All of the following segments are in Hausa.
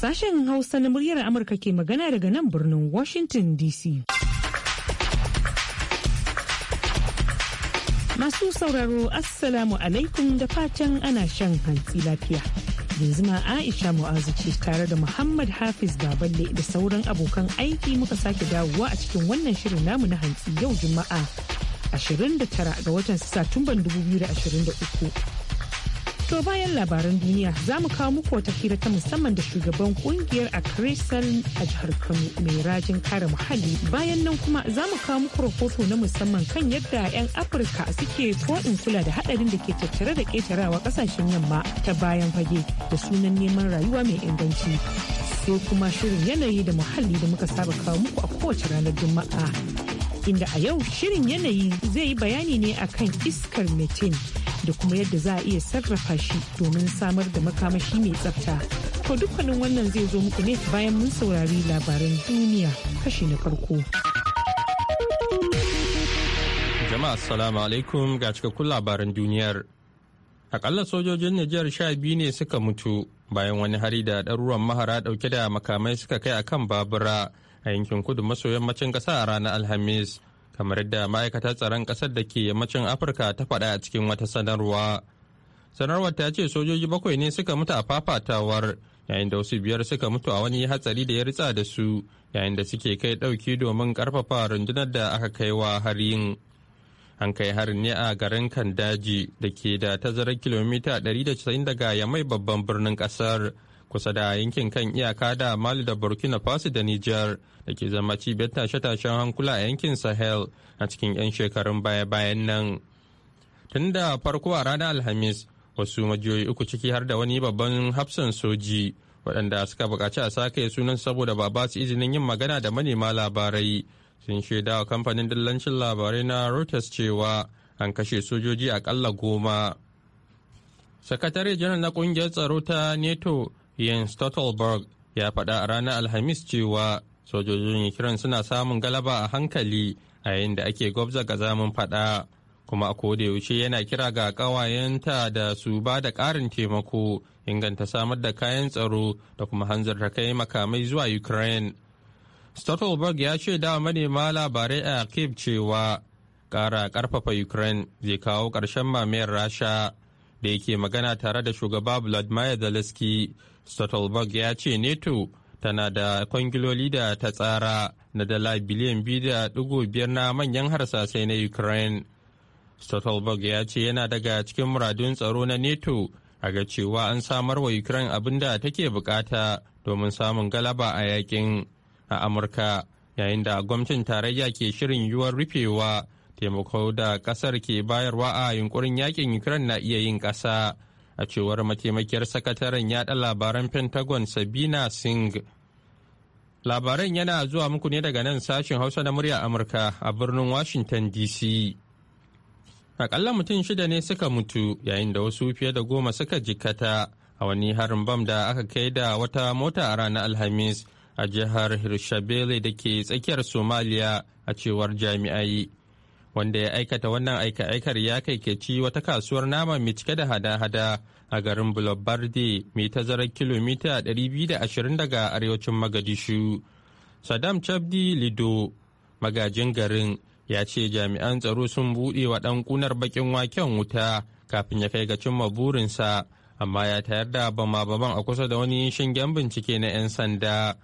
Sashen Hausa na muryar Amurka ke magana daga nan birnin Washington DC. Masu sauraro Assalamu alaikum da fatan ana shan hantsi lafiya. yanzu ma Aisha Mu'azu ce tare da Muhammad Hafiz Baballe da sauran abokan aiki muka sake dawowa a cikin wannan shirin namu na hantsi yau Juma'a 29 ga watan Satumban 2023. To bayan labaran duniya za mu kawo muku wata hira ta musamman da shugaban kungiyar a Kristal a jihar Kano mai rajin kare muhalli. Bayan nan kuma za mu kawo muku rahoto na musamman kan yadda 'yan Afirka suke in kula da hadarin da ke tattare da ketarawa kasashen yamma ta bayan fage da sunan neman rayuwa mai inganci. Sai kuma shirin yanayi da muhalli da muka saba kawo muku a kowace ranar Juma'a. Inda a yau shirin yanayi zai yi bayani ne akan iskar methane da kuma yadda za a iya sarrafa shi domin samar da makamashi mai tsafta. To dukkanin wannan zai zo muku ne bayan mun saurari labaran duniya kashi na farko. Jama'a salamu alaikum ga cikakkun labaran duniyar. Akalla sojojin Nijar sha biyu ne suka mutu bayan wani hari da ɗaruruwan mahara ɗauke da makamai suka kai akan babura a yankin kudu maso yammacin ƙasa a ranar Alhamis. kamar yadda ma'aikatar tsaron ƙasar da ke yammacin afirka ta faɗa a cikin wata sanarwa sanarwar ta ce sojoji bakwai ne suka mutu a fafatawar yayin da wasu biyar suka mutu a wani hatsari da ya ritsa da su yayin da suke kai ɗauki domin ƙarfafa rundunar da aka kai wa harin an kai harin ne a garin kandaji da ke da tazarar kilomita 190 daga yamai babban birnin ƙasar kusa da yankin kan iyaka da mali da burkina faso da nijar da ke zama cibiyar tashe-tashen hankula a yankin sahel a cikin 'yan shekarun baya-bayan nan tun da farko a ranar alhamis wasu majiyoyi uku ciki har da wani babban hafsan soji waɗanda suka buƙaci a sake sunan saboda ba ba su izinin yin magana da manema labarai sun shaida wa kamfanin dillancin labarai na reuters cewa an kashe sojoji ƙalla goma sakatare janar na ƙungiyar tsaro ta neto Ian Stottlberg ya faɗa a ranar Alhamis cewa sojojin Ukraine suna samun galaba a hankali a yayin da ake gwabza ga zamun faɗa kuma a yaushe yana kira ga ƙawayenta da su ba da ƙarin taimako inganta samar da kayan tsaro da kuma hanzarta kai makamai zuwa Ukraine. Stottlberg ya ce da manema labarai a Kiev cewa ƙara ƙarfafa Ukraine zai kawo ƙarshen mamayar Rasha. da yake magana tare da shugaba vladimir zelensky stoltenberg ya ce neto tana da kwangiloli da ta tsara na dala biliyan biyu da biyar na manyan harsasai na ukraine stoltenberg ya ce yana daga cikin muradun tsaro na neto a ga cewa an samar wa ukraine abin da take bukata domin samun galaba a yakin a amurka yayin da gwamnatin tarayya ke shirin yiwuwar rufewa taimako da kasar ke bayarwa a yunkurin yakin ukraine na iya yin ƙasa a cewar mataimakiyar sakataren yaɗa labaran pentagon sabina singh labaran yana zuwa muku ne daga nan sashen hausa na murya amurka a birnin washington dc akalla mutum shida ne suka mutu yayin da wasu fiye da goma suka jikata a wani harin bam da aka kai da wata mota a ranar alhamis a jihar hirshabele da ke tsakiyar somaliya a cewar jami'ai wanda ya aikata wannan aika-aikar ya kai keci wata kasuwar nama mai cike da hada-hada a garin bulabardi mai tazarar kilomita 220 daga arewacin Magadishu. Saddam Chabdi Lido, magajin garin, ya ce jami'an tsaro sun buɗe wa ɗan ƙunar baƙin waken wuta kafin ya kai ga cimma burinsa, amma ya tayar da bama-baman a kusa da wani shingen bincike na 'yan sanda.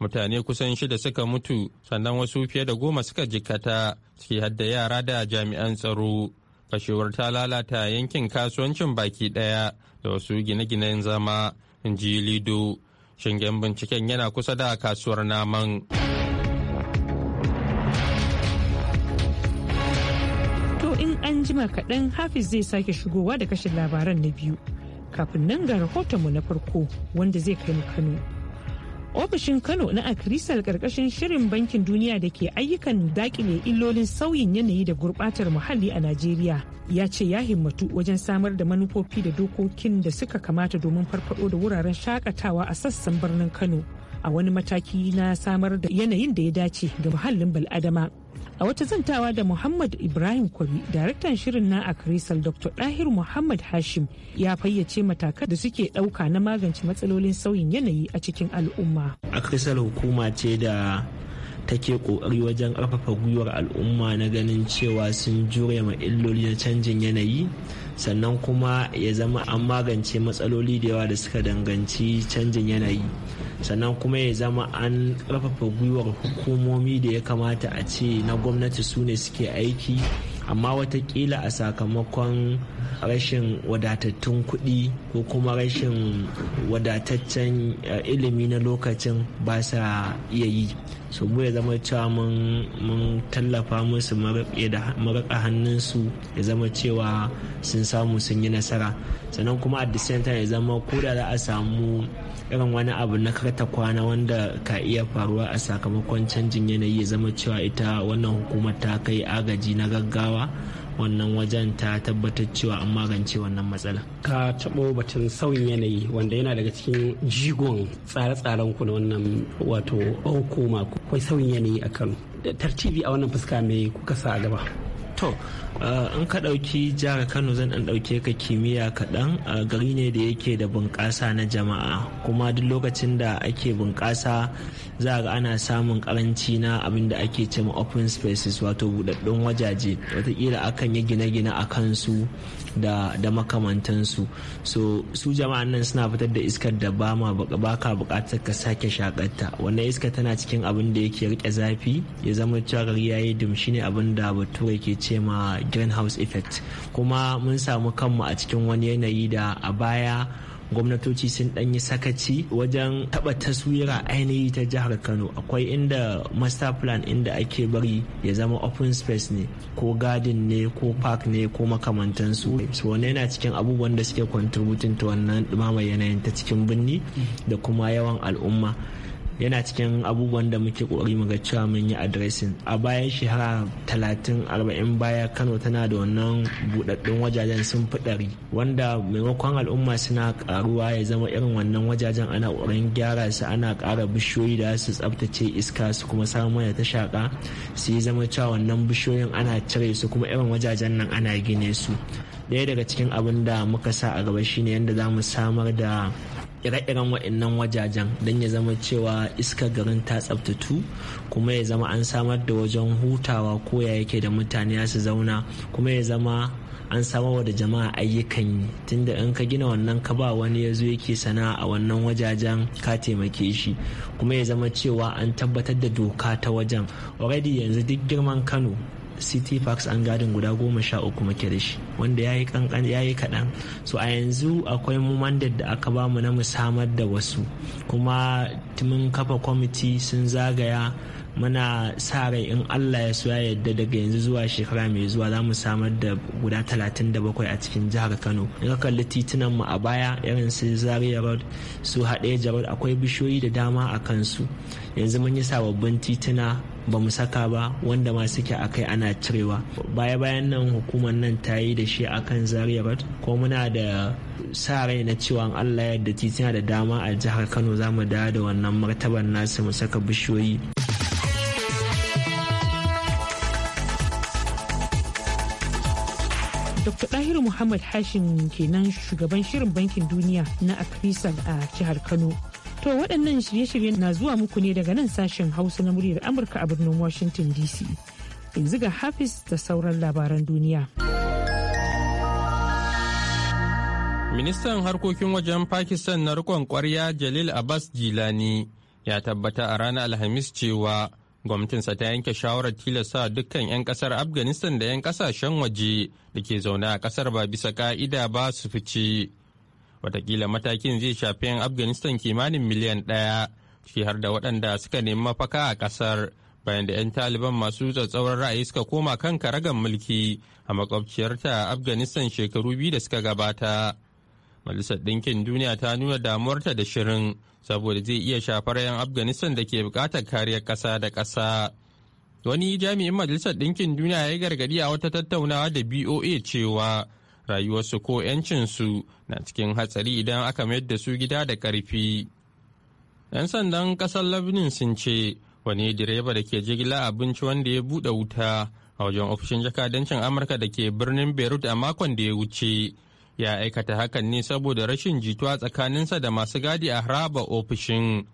Mutane kusan shida suka mutu, sannan wasu fiye da goma suka jikkata. ciki hadda yara da jami'an tsaro fashewar ta lalata yankin kasuwancin baki daya da wasu gine-ginen zama in ji lido shingen binciken yana kusa da kasuwar naman to in an jima kaɗan hafiz zai sake shigowa da kashin labaran na biyu kafin nan ga rahotonmu na farko wanda zai kai mu kano ofishin kano na akrisal karkashin shirin bankin duniya da ke ayyukan dakile illolin sauyin yanayi da gurbatar muhalli a najeriya ya ce ya himmatu wajen samar da manufofi da dokokin da suka kamata domin farfado da wuraren shakatawa a sassan birnin kano a wani mataki na samar da yanayin da ya dace ga muhallin bal'adama a wata zantawa da muhammad ibrahim kwabi daraktan shirin na a akrisal dr dahir muhammad hashim ya fayyace matakan da suke ɗauka na magance matsalolin sauyin yanayi a cikin al'umma akrisal hukuma ce da take ƙoƙari wajen ƙarfafa gwiwar al'umma na ganin cewa sun jure ma illoli na canjin yanayi sannan kuma ya zama an magance matsaloli da yawa da suka danganci canjin yanayi sannan kuma ya zama an ƙarfafa gwiwar hukumomi da ya kamata a ce na gwamnati su ne suke aiki amma watakila a sakamakon rashin wadatattun kuɗi ko kuma rashin wadataccen eh, ilimi na lokacin ba sa iya yi su ya zama cewa mun tallafa musu maraƙa hannunsu ya zama cewa sun samu sun yi nasara sannan kuma a the ya zama ko da za a samu irin wani abu na karta kwana wanda ka iya faruwa a sakamakon canjin yanayi ya zama cewa ita wannan hukumar ta kai agaji na gaggawa wannan wajen ta tabbatar cewa an magance wannan matsala. Ka taɓo batun sauyin yanayi wanda yana daga cikin jigon tsare-tsaren ku na wannan wato hukuma akwai sauyin yanayi a Kano. Tartibi a wannan fuska mai kuka sa a gaba. To, in ka ɗauki jihar kano zan ɗan ɗauke ka kimiyya kaɗan gari ne da yake da bunƙasa na jama'a kuma duk lokacin da ake bunƙasa za ga ana samun karanci na abin da ake cewa open spaces wato buɗaɗɗun wajaje watakila akan yi gine-gine a kansu da, makamantansu so su jama'an nan suna fitar da iskar da ba ma baka buƙatar ka sake shakatta wannan iska tana cikin abin da yake rike zafi ya zama cewa gari yayi dumshi ne abin da bature ke cema greenhouse effect kuma mun samu kanmu a cikin wani yanayi da a baya gwamnatoci sun ɗan yi sakaci wajen taɓa taswira ainihi ta jihar kano akwai inda master plan inda ake bari ya zama open space ne ko garden ne ko park ne ko makamantansu su. wani yana cikin abubuwan da suke contributing ta wannan dumamar yanayin ta cikin birni da kuma yawan al'umma yana cikin abubuwan da muke kokari mu ga cewa mun yi addressing a bayan shekara talatin arba'in baya kano tana da wannan buɗaɗɗun wajajen sun fi ɗari wanda maimakon al'umma suna karuwa ya zama irin wannan wajajen ana kokarin gyara su ana ƙara bishiyoyi da su tsaftace iska su kuma samu mana ta shaƙa su yi zama cewa wannan bishiyoyin ana cire su kuma irin wajajen nan ana gine su ɗaya daga cikin abin da muka sa a gaba shine yadda za mu samar da ire-iren waɗannan wajajen don ya zama cewa iskar garin ta tsabtatu kuma ya zama an samar da wajen hutawa ko ya yake da mutane su zauna kuma ya zama an samar da jama'a ayyukan yi tunda in ka gina wannan ka ba wani ya zo yake sana'a a wannan wajajen ka taimake shi kuma ya zama cewa an tabbatar da doka ta wajen already yanzu duk girman kano city parks an gadin guda goma sha uku muke da shi wanda ya yi kankan ya yi kaɗan so a yanzu akwai mu da aka ba mu na musamar da wasu kuma mun kafa kwamiti sun zagaya muna sa rai in allah ya so ya yadda daga yanzu zuwa shekara mai zuwa za mu samar da guda 37 a cikin jihar kano in ka kalli titunan mu a baya irin su zaria road su haɗe jabar akwai bishiyoyi da dama a kansu yanzu mun yi sababbin tituna ba mu saka ba wanda ma suke a kai ana cirewa baya bayan nan hukumar nan ta yi da shi akan zaria road ko muna da sa rai na cewa allah ya yadda tituna da dama a jihar kano za mu dawo da wannan martabar nasu mu saka bishiyoyi Dr. Dahiru Muhammad Hashim kenan shugaban shirin bankin duniya na Afrisal a jihar Kano. To waɗannan shirye shirye na zuwa muku ne daga nan sashen Hausa na muryar Amurka a birnin Washington DC. Yanzu ga Hafiz da sauran labaran duniya. Ministan harkokin wajen Pakistan na rikon kwarya Jalil Abbas Jilani ya tabbata a ranar Alhamis cewa gwamnatinsa ta yanke shawarar tilasta dukkan 'yan kasar afghanistan da 'yan kasashen waje da ke zaune a kasar ba bisa ka'ida ba su fice watakila matakin zai shafi 'yan afghanistan kimanin miliyan ɗaya ciki har da waɗanda suka nemi mafaka a kasar bayan da 'yan taliban masu tsatsauran ra'ayi suka koma kan karagan mulki a makwabciyarta afghanistan shekaru biyu da suka gabata Majalisar Ɗinkin Duniya ta nuna damuwarta da shirin saboda zai iya shafar 'yan Afghanistan da ke buƙatar kariyar ƙasa da ƙasa. Wani jami'in Majalisar Ɗinkin Duniya ya yi gargaɗi a wata tattaunawa da BOA cewa rayuwarsu ko 'yancinsu na cikin hatsari idan aka mayar da su gida da ƙarfi. 'Yan sandan ƙasar Lebanon sun ce wani direba da ke jigila abinci wanda ya buɗe wuta a wajen ofishin jakadancin Amurka da ke birnin Beirut a makon da ya wuce. ya aikata hakan ne saboda rashin jituwa tsakaninsa da masu gadi a haraba ofishin.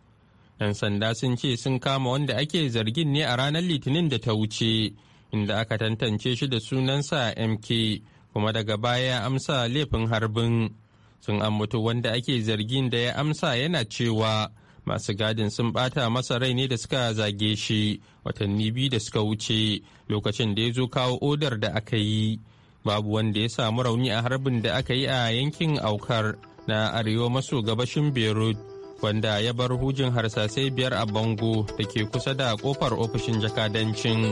'Yan sanda sun ce sun kama wanda ake zargin ne a ranar Litinin da ta wuce, inda aka tantance shi da sunansa MK, kuma daga baya amsa laifin harbin. Sun ambato wanda ake zargin da ya amsa yana cewa masu gadin sun bata masa rai ne da suka zage shi watanni biyu da suka wuce lokacin da ya zo kawo odar da aka yi. babu wanda ya samu rauni a harbin da aka yi a yankin aukar na arewa maso gabashin beirut wanda ya bar hujin harsasai biyar a bango da ke kusa da kofar ofishin jakadancin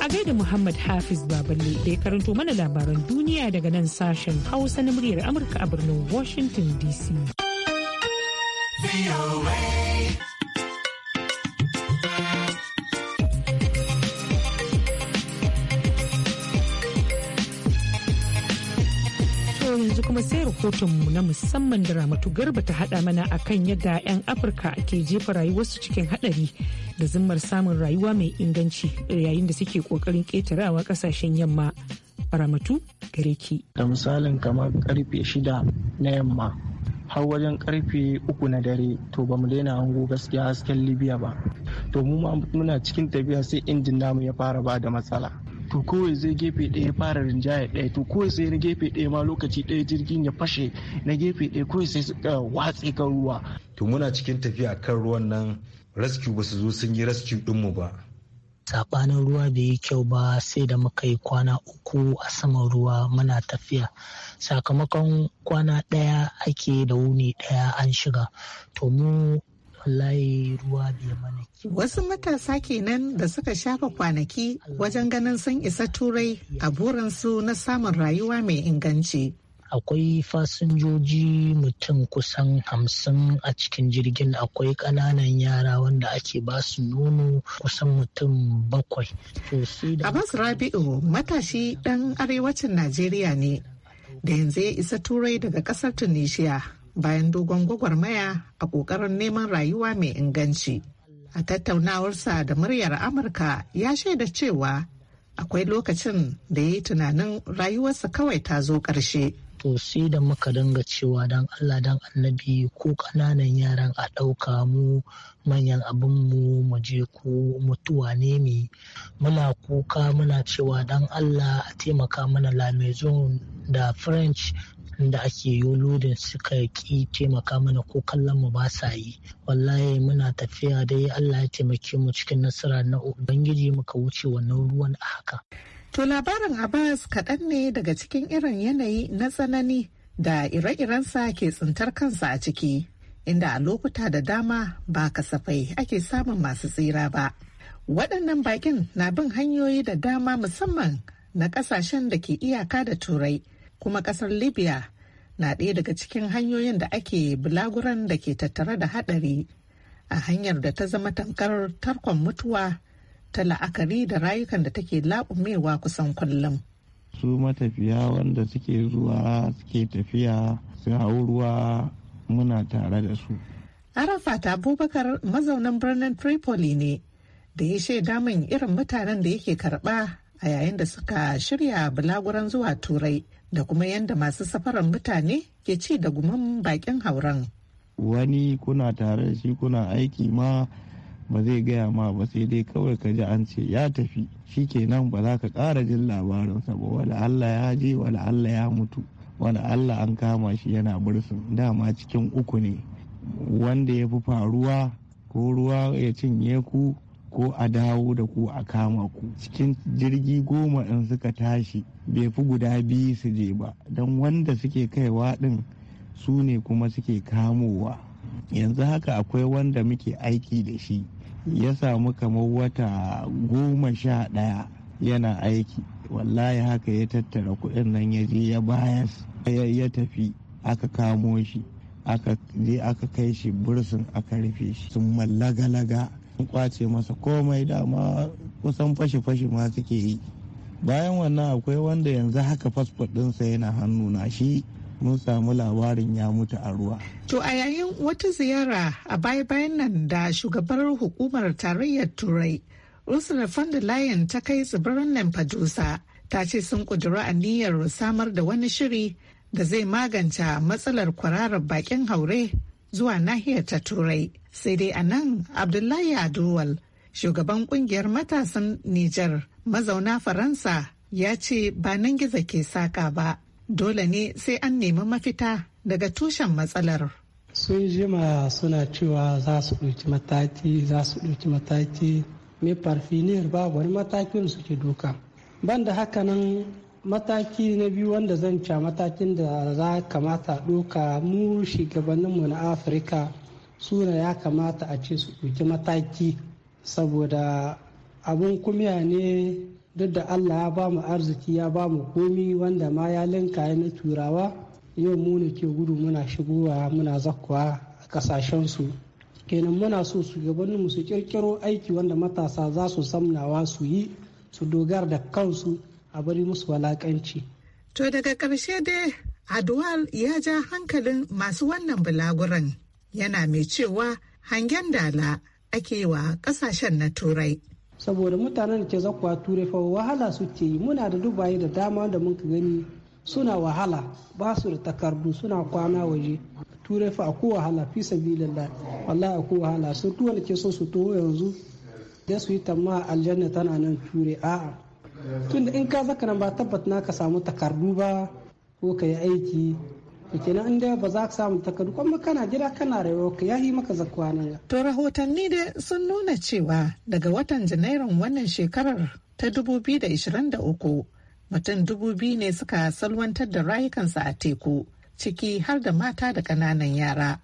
a gaida muhammad hafiz baballe da ya karanto mana labaran duniya daga nan sashen hausa na muryar amurka a birnin washington dc yanzu kuma sai rahotonmu na musamman da ramatu garba ta hada mana akan yadda 'yan afirka ke jefa rayuwarsu cikin hadari da zimmar samun rayuwa mai inganci yayin da suke kokarin ƙetarawa kasashen yamma ramatu gare ki da misalin kamar karfe shida na yamma har wajen karfe uku na dare to ba mu daina hango gaskiya hasken libya ba to mu muna cikin tafiya sai injin namu ya fara ba da matsala to kowai zai gefe ɗaya fara rinjaye ɗaya to kowai sai na gefe ɗaya ma lokaci ɗaya jirgin ya fashe na gefe ɗaya kowai sai suka eh, watse kan ruwa. to muna cikin tafiya kan ruwan nan rescue ba su zo sun yi rescue ɗinmu ba. sabanin ruwa bai yi kyau ba sai da muka yi kwana uku a saman ruwa muna tafiya sakamakon kwana ɗaya ake da wuni ɗaya an shiga to mu wallahi ruwa bai mana Wasu matasa kenan da suka shafa kwanaki wajen ganin sun isa turai a burinsu na samun rayuwa mai inganci. Akwai fasinjoji mutum kusan hamsin a cikin jirgin akwai ƙananan yara wanda ake ba su nono kusan mutum bakwai. Abbas Rabi'u matashi ɗan arewacin Najeriya ne da yanzu ya isa turai daga ƙasar Tunisia. bayan dogon gwagwarmaya a ƙoƙarin neman rayuwa mai inganci. A tattaunawarsa da muryar Amurka ya shaida cewa akwai lokacin da ya yi tunanin rayuwarsa kawai ta zo ƙarshe. To sai da muka dinga cewa don Allah don annabi ko ƙananan yaran a ɗauka mu manyan abin mu je ko mutuwa ne mi muna kuka muna cewa don Allah a taimaka mana lamezon da french inda ake yi lodin suka ki taimaka mana ko kallon mu ba sa yi wallahi muna tafiya dai Allah ya taimake mu cikin nasara na ubangiji muka wuce wannan ruwan a haka to labarin Abbas kaɗan ne daga cikin irin yanayi na tsanani da ire-irensa ke tsintar kansa a ciki inda a lokuta da dama ba kasafai ake samun masu tsira ba waɗannan bakin na bin hanyoyi da dama musamman na ƙasashen da ke iyaka da turai kuma kasar libya na ɗaya daga cikin hanyoyin da ake bulaguran da ke tattare da haɗari a hanyar da ta zama tankar tarkon mutuwa ta la'akari da rayukan da take laƙumewa kusan kullum. su matafiya wanda suke zuwa suke tafiya su hau ruwa muna tare da su. Arafat Abubakar mazaunan birnin Tripoli ne da ya shaida min irin mutanen da yake karba a yayin da suka shirya bulaguran zuwa Turai da kuma yadda masu safaran mutane ke ci da guman bakin hauren. Wani kuna tare da shi kuna aiki ma ba zai gaya ma ba sai dai kawai ka ji an ce ya tafi shi kenan ba za ka ƙara jin labarinsa ba wala Allah ya je wala Allah ya mutu wani Allah an kama shi yana bursun dama cikin uku ne wanda ya fi faruwa ko ruwa ya cinye ku ko a dawo da ku a kama ku cikin jirgi goma in suka tashi bai fi guda biyu su je ba don wanda suke kaiwa ɗin su ne kuma suke kamowa yanzu haka akwai wanda muke aiki da shi ya samu kamar wata goma sha ɗaya yana aiki wallahi haka ya tattara kuɗin nan ya je ya bayas ya tafi aka kamo shi aka je aka kai shi bursin aka rufe shi sun laga. kwace masa komai dama kusan fashe fashi ma suke yi bayan wannan akwai wanda yanzu haka fasfot ɗinsa yana hannu na shi mun samu labarin ya mutu a ruwa. To a yayin wata ziyara a baya-bayan nan da shugabar hukumar tarayyar Turai, Ursula von der Leyen ta kai tsibirin fadusa ta ce sun kudura aniyar samar da wani shiri da zai magance matsalar kwararar bakin haure zuwa nahiyar ta turai sai dai a nan abdullahi aduwal shugaban kungiyar matasan nijar mazauna faransa ya ce ba nan gizo ke saka ba dole ne sai an nemi mafita daga tushen matsalar sun jima suna cewa za su ɗauki mataki za su ɗauki mataki mai farfiniyar babu wani matakin suke doka ban da haka nan mataki na biyu wanda zan ca matakin da za kamata ɗauka mu shugabanninmu na afirka suna ya kamata a ce su ɗauki mataki saboda abun kumya ne duk da allah ya ba mu arziki ya ba mu komi wanda ma ya linka na turawa yau mu ne ke gudu muna shigowa muna zakkuwa a su kenan muna so shugabanninmu su kirkiro aiki wanda matasa za su samnawa su yi su dogara da kansu a bari musu walakanci. To daga ƙarshe dai Adwal ya ja hankalin masu wannan bulaguran yana mai cewa hangen dala ake wa ƙasashen na turai. Saboda mutanen da ke zakwa turai fa wahala suke yi muna da dubaye da dama da muka gani suna wahala ba su da takardu suna kwana waje turai fa ko wahala fi sabilillah wallahi ko wahala su tuwa ke so su to yanzu da su yi tamma aljanna tana nan turai a'a tun in ka zaka nan ba tabbat na ka samu takardu ba ko ka yi aiki kenan inda ba za ka samu takardu kuma kana gida kana rayuwa ka yahi maka zakwa nan to rahotanni dai sun nuna cewa daga watan janairun wannan shekarar ta 2023 mutum dubu biyu ne suka salwantar da rayukansa a teku ciki har da mata da ƙananan yara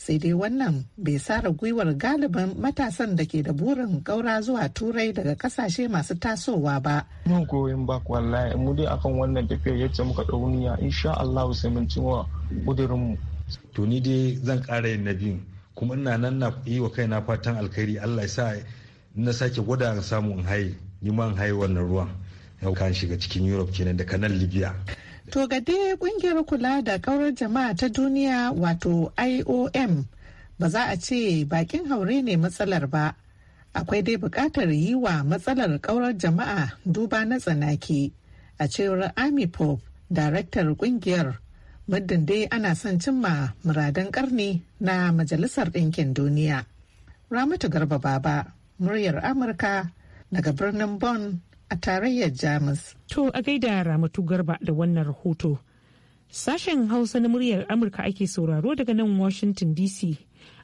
sai dai wannan bai sara gwiwar galibin matasan da ke da burin gaura zuwa turai daga kasashe masu tasowa ba. Mun goyon ba wallahi mu dai akan wannan tafiyar yadda muka dau niyya insha Allah sai mun cimma mu. To ni dai zan ƙara yin na biyun kuma ina nan na yi wa kaina fatan alkhairi Allah ya sa na sake gwada samun haye ni man haye wannan ruwan. Yau kan shiga cikin Europe kenan da kanan Libya. To ga dai kungiyar kula da kaurar jama'a ta duniya wato IOM ba za a ce bakin haure ne matsalar ba. Akwai dai bukatar yi wa matsalar kaurar jama'a duba na tsanaki a cewar Army Pope, daraktar kungiyar muddin dai ana son cimma muradan karni na Majalisar Dinkin Duniya. Ramatu Garba Baba, muryar Amurka daga birnin Bonn a tarayyar Jamus. To a gaida Ramatu Garba da wannan rahoto. Sashen Hausa na muryar Amurka ake sauraro daga nan Washington DC.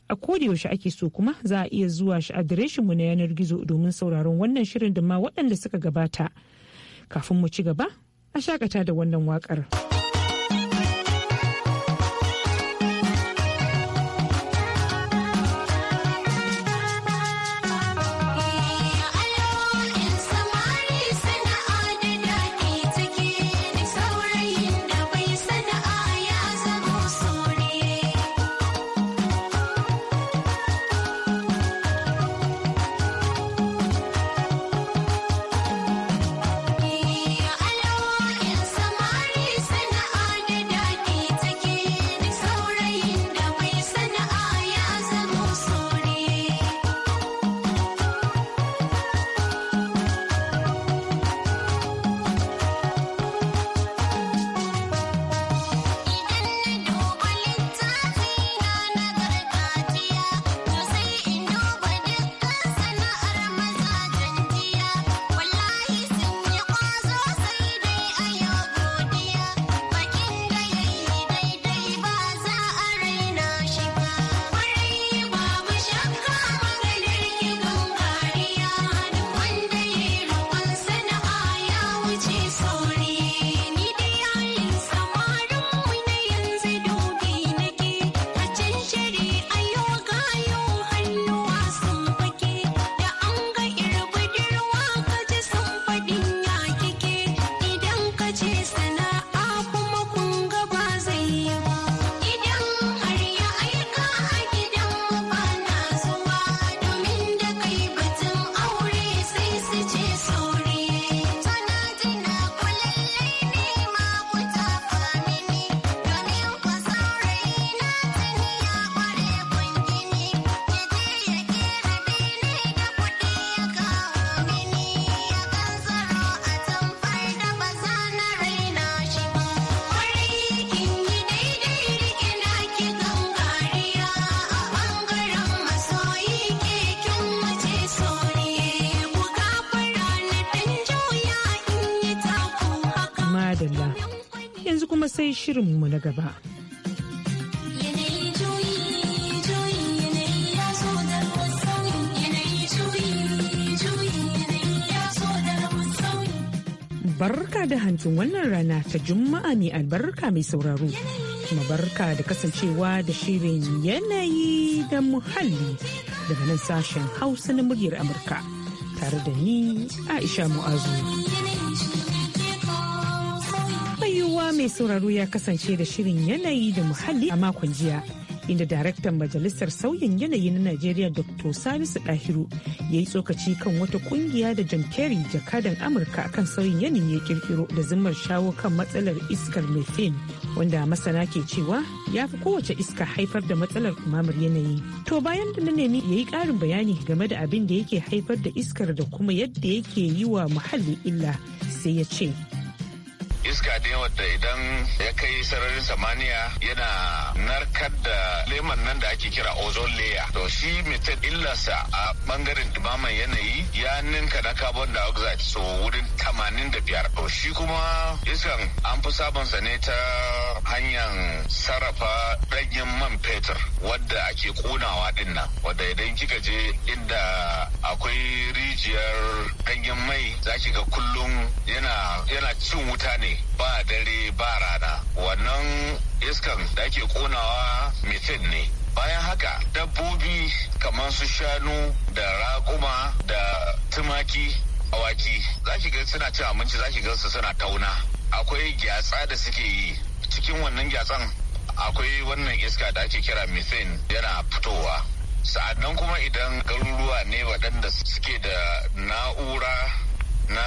A yaushe ake so kuma za a iya zuwa shi adireshinmu na yanar gizo domin sauraron wannan shirin da ma waɗanda suka gabata. Kafin mu ci gaba, a shakata da wannan waƙar. shirinmu na gaba. barka da hancin wannan rana ta juma'a mai albarka mai sauraro kuma barka da kasancewa da shirin yanayi da muhalli daga nan sashen hausa na muryar amurka tare da ni aisha mu'azu. mai sauraro ya kasance da shirin yanayi da muhalli a makon jiya. inda daraktan majalisar sauyin yanayi na Najeriya Dr. Salisu Dahiru ya yi tsokaci kan wata kungiya da John Kerry jakadan Amurka kan sauyin yanayi ya kirkiro da zimmar shawo kan matsalar iskar methane wanda masana ke cewa ya fi kowace iska haifar da matsalar kumamar yanayi. To bayan da na nemi ya yi ƙarin bayani game da abin da yake haifar da iskar da kuma yadda yake yi wa muhalli illa sai ya ce iska ne wadda idan ya kai sararin samaniya yana narkar da leman nan da ake kira ozone layer to shi methane illarsa a bangaren dumaman yanayi ya iska na carbon dioxide so wurin tamanin da biyar shi kuma iskan an fi sabonsa ne ta hanyar sarrafa ɗanyen man fetur wadda ake konawa din nan wadda idan kika je inda akwai rijiyar ɗanyen mai za ki ga kullum yana cin wuta ne ba dare ba rana wannan iskan da ake konawa methane ne bayan haka dabbobi kamar su shanu da raƙuma da tumaki awaki za ki ga suna cin abinci za ki ga su suna tauna akwai gyatsa da suke yi cikin wannan gyatsan akwai wannan iska da ake kira methane yana fitowa sa'annan kuma idan garuruwa ne waɗanda suke da na'ura na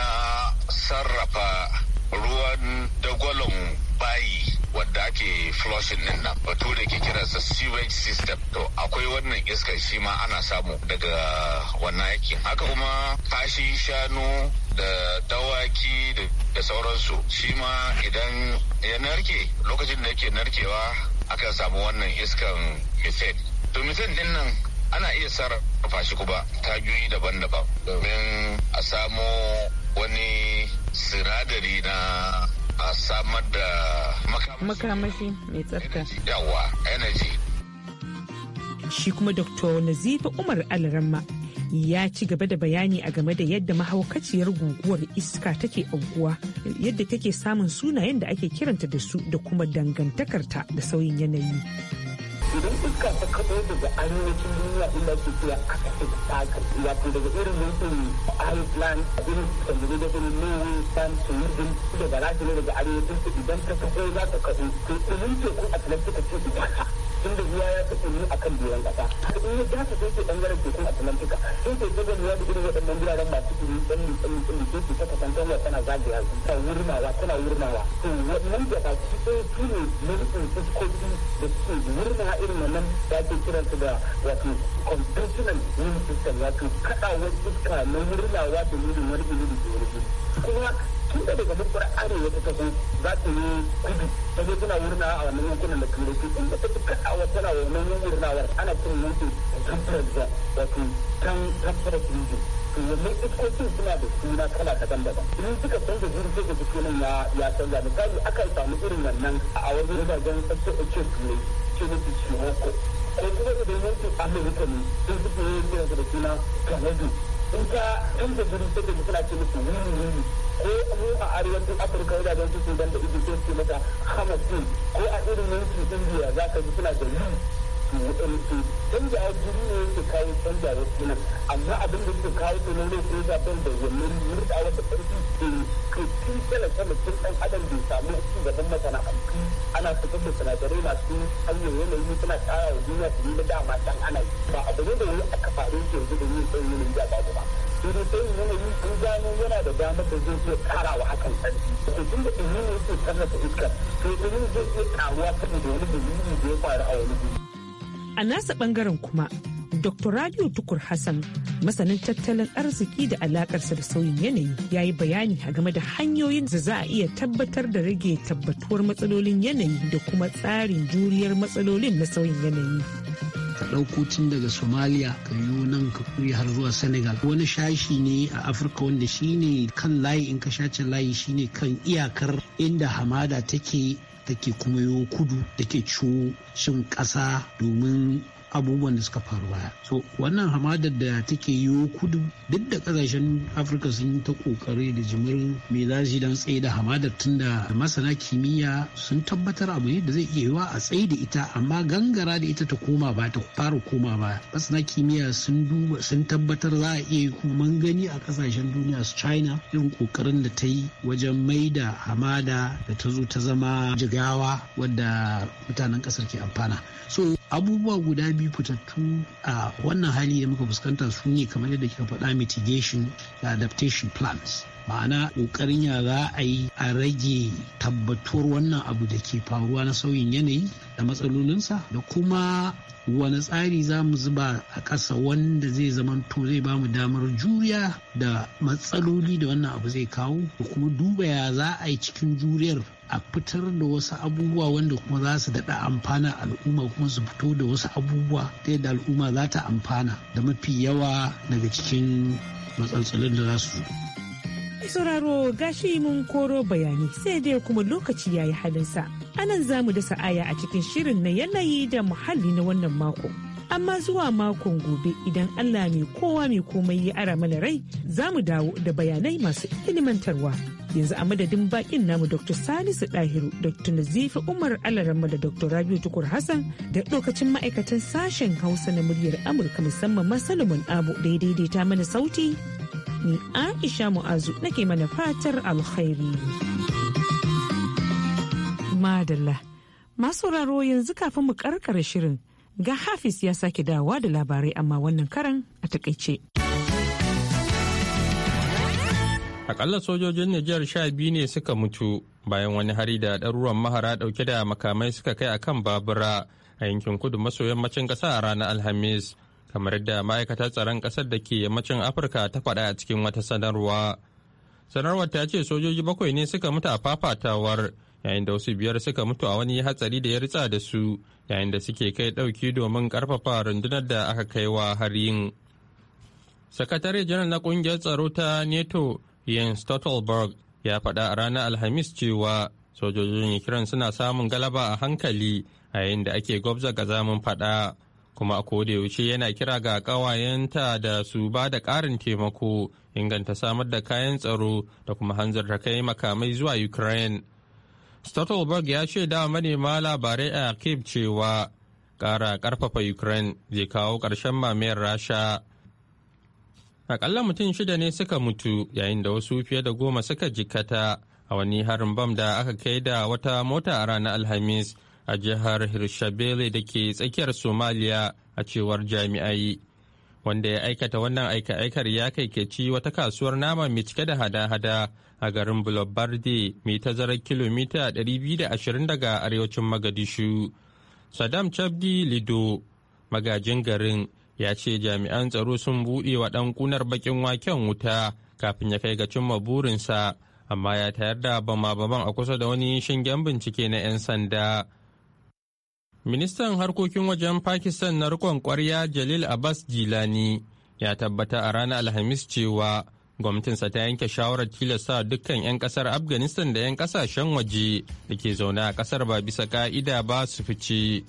sarrafa ruwan dagwalon bayi wadda ake flushing din nan da ke sa sewage system to akwai wannan iska shi ma ana samu daga wannan yakin haka kuma kashi shanu da dawaki da sauransu shi ma idan ya narke lokacin da yake narkewa aka samu wannan iskan methane to methane din nan ana iya sarrafa shi kuma ta hanyoyi daban-daban domin a samu wani sinadari na a samar da makamashi mai tsafta yawa energy shi kuma dr nazifa umar alramma ya ci gaba da bayani a game da yadda mahaukaciyar guguwar iska take aukuwa yadda take samun sunayen da ake kiranta da su da kuma dangantakarta da sauyin yanayi idan iska ta kaɗo daga arewacin duniya inda ake kira aka ce wato daga irin yankin Iceland irin tanzania da irin Norway San Sweden da ba za daga arewacin su idan ta kaɗo za ta kaɗo to irin teku Atlantic ce ta kwata tunda ruwa ya fi tsoro a kan doron ƙasa in ya dace sai ke ɓangaren tekun atlantika sai ke zaba ruwa da irin waɗannan wuraren masu tsoro ɗan ɗan ɗan ke ke ta kasantar wa tana zagaya ta wurnawa tana wurnawa to wannan da ba su ɗaya su ne mulkin fuskoki da suke wurna irin wannan da ake kiransu da wato conventional wind system wato kaɗawar iska na wurnawa da nuna wani ilimin da wani kuma tun da daga murkura arewa ta tafi za ta yi kudu ta zai tana wurna a wannan yankunan da turai tun da ta fi kada kaɗawa tana wannan wurnawar ana cin yankin temperate da wato kan tan temperate region to wannan iskokin suna da suna kala ta daban-daban in suka da jirgin sai da jikin ya ya canza misali akan samu irin wannan a wajen rigajen tsakiyar turai ce mutu ciwo ko kuma idan yankin amurka ne sun suke yin da suna kanadu in ka in da birnin take da suna ce musu wuri wuri ko mu a arewacin afirka wajen su sudan da ibi sun ce mata hamasin ko a irin yankin indiya za ka ji suna da wuri ke waɗansu canjawar jini ne yake kawo canjawar jinin amma abin da yake kawo jinin ne sai zaɓen da wannan murɗawar da ƙarfi ke kai tun talaka mutum ɗan adam bai samu ci gaban masana'antu ana fitar da sinadarai masu hanyar yanayi suna ƙara wa duniya su yi dama ɗan ana ba abu ne da wani aka faru yanzu da yin tsayin yanayi ba babu ba sai dai tsayin yanayi sun gano yana da damar da zai iya ƙara wa hakan ƙarfi to tun da ɗin yanayi yake sarrafa iskar to ɗin zai iya ƙaruwa saboda wani dalili da ya faru a wani guri. A nasa bangaren kuma, Dr. Radio Tukur Hassan, masanin tattalin arziki da alakarsa da sauyin yanayi, ya yi bayani a game da hanyoyin da za a iya tabbatar da rage tabbatuwar matsalolin yanayi da kuma tsarin juriyar matsalolin na sauyin yanayi. ka ɗauko tun daga somalia ka yi nan ka kuri har zuwa senegal wani shashi ne a afirka wanda shine kan layi in ka shace layi shine kan iyakar inda hamada take da ke kuma yo kudu da ke ciwo shin ƙasa domin abubuwan da suka faru baya so wannan hamadar da take yiwo kudu duk da kasashen afirka sun yi ta kokari da jimirin me za su don tsaye da hamadar tun da masana kimiyya sun tabbatar abu ne da zai iya yiwa a tsaye da ita amma gangara da ita ta koma ba ta fara koma ba masana kimiyya sun duba sun tabbatar za a iya kuma gani a kasashen duniya su china irin kokarin da ta yi wajen mai da hamada da ta zo ta zama jigawa wadda mutanen kasar ke amfana so abubuwa guda biyu fitattu a wannan hali da muka fuskanta su ne kamar yadda kika faɗa mitigation da adaptation plans ma'ana ƙoƙarin ya za a yi a rage tabbatuwar wannan abu da ke faruwa na sauyin yanayi da matsalolinsa da kuma wani tsari za mu zuba a ƙasa wanda zai zamanto zai ba mu damar juriya da matsaloli da wannan abu zai kawo da kuma duba ya za a yi cikin juriyar a fitar da wasu abubuwa wanda kuma za su daɗa amfana al'umma kuma su fito da wasu abubuwa ta yadda al'umma za ta amfana da mafi yawa daga cikin matsaltsalin da za su zo. sauraro gashi mun koro bayani sai dai kuma lokaci ya yi halinsa. Anan za mu dasa aya a cikin shirin na yanayi da muhalli na wannan mako. Amma zuwa makon gobe idan Allah mai kowa mai komai ya ara mana rai za mu dawo da bayanai masu ilimantarwa. Yanzu a madadin bakin namu Dr. Salisu Dahiru, Dr. Nazifi Umar alaramma da Dr. Rabiu Tukur Hassan da lokacin ma'aikatan sashen Hausa na muryar Amurka musamman Masalumin Abu da ya daidaita mana sauti ni aisha mu'azu nake mana fatar alkhairi madalla masu raro yanzu kafin mu karkara shirin ga hafiz ya sake dawa da labarai amma wannan karan a takaice akalla sojojin nijar sha biyu ne suka mutu bayan wani hari da ɗaruruwan mahara ɗauke da makamai suka kai akan babura a yankin kudu maso yammacin ƙasa a ranar alhamis kamar yadda ma'aikatar tsaron ƙasar da ke yammacin afirka ta faɗa a cikin wata sanarwa sanarwar ta ce sojoji bakwai ne suka mutu a fafatawar yayin da wasu biyar suka mutu a wani hatsari da ya ritsa da su yayin da suke kai ɗauki domin ƙarfafa rundunar da aka kai wa yin. sakatare janar na ƙungiyar tsaro ta neto jens stoltenberg ya faɗa a ranar alhamis cewa sojojin ukraine suna samun galaba a hankali a yayin da ake gwabza ga zamun faɗa kuma a yaushe yana kira ga kawayenta da su ba da ƙarin taimako inganta samar da kayan tsaro da kuma hanzar hanzarta kai makamai zuwa ukraine stoltenberg ya ce da manema labarai a kyiv cewa ƙara karfafa ukraine zai kawo ƙarshen mamayar rasha akalla mutum shida ne suka mutu yayin da wasu fiye da goma suka jikata a wani harin bam da aka kai da wata mota a ranar alhamis a jihar hirshabele da ke tsakiyar somaliya a cewar jami'ai wanda ya aikata wannan aika-aikar ya kai ci wata kasuwar nama mai cike da hada-hada a garin bulobarde mai tazarar kilomita 220 daga arewacin magadishu saddam chabdi lido magajin garin ya ce jami'an tsaro sun buɗe wa ɗan kunar bakin waken wuta kafin ya kai ga cimma burinsa amma ya tayar da bama-baman a kusa da wani shingen bincike na 'yan sanda. Ministan harkokin wajen Pakistan na rikon Ƙwarya Jalil Abbas Jilani ya tabbata a ranar Alhamis cewa gwamnatinsa ta yanke shawarar tilasta dukkan 'yan kasar Afghanistan da 'yan kasashen waje da ke zaune a kasar ba bisa ka'ida ba su fice.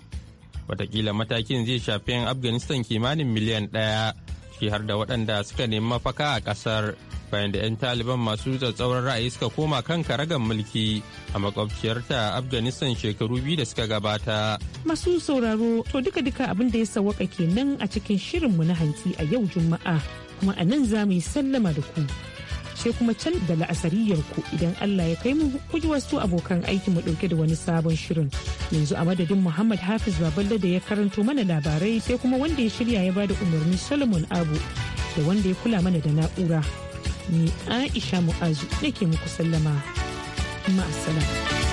Watakila matakin zai shafi 'yan Afghanistan kimanin miliyan ɗaya ciki har da waɗanda suka nemi mafaka a ƙasar bayan da 'yan taliban masu tsatsauran ra'ayi suka koma kan karagan mulki a makwabciyarta afghanistan shekaru biyu da suka gabata masu sauraro to duka duka abin da ya sawaka kenan a cikin shirinmu na hantsi a yau juma'a kuma a nan za mu yi sallama da ku sai kuma can da la'asariyarku ku idan Allah ya kai mu kuji wasu abokan aiki mu dauke da wani sabon shirin yanzu a madadin Muhammad Hafiz Baballe da ya karanto mana labarai sai kuma wanda ya shirya ya bada umarni Solomon Abu da wanda ya kula mana da na'ura ni Aisha Mu'azu nake muku sallama ma'asalam.